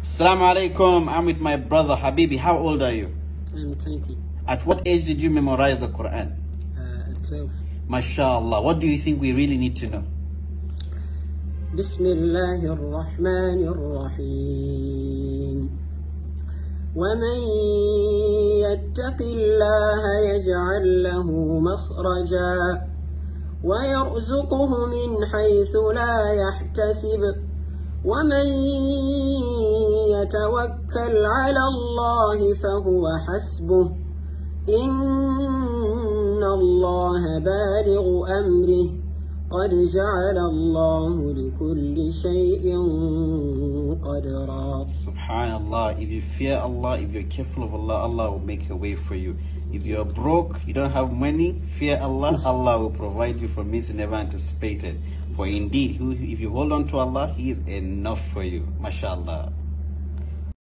Assalamu alaikum. I'm with my brother Habibi. How old are you? I'm 20. At what age did you memorize the Quran? Uh, at 12. MashaAllah. What do you think we really need to know? بسم الله الرحمن الرحيم ومن يتق الله يجعل له مخرجا ويرزقه من حيث لا يحتسب ومن يتوكل على الله فهو حسبه إن الله بالغ أمره قد جعل الله لكل شيء Allah. if you fear allah if you're careful of allah allah will make a way for you if you're broke you don't have money fear allah allah will provide you for means you never anticipated for indeed if you hold on to allah he is enough for you mashallah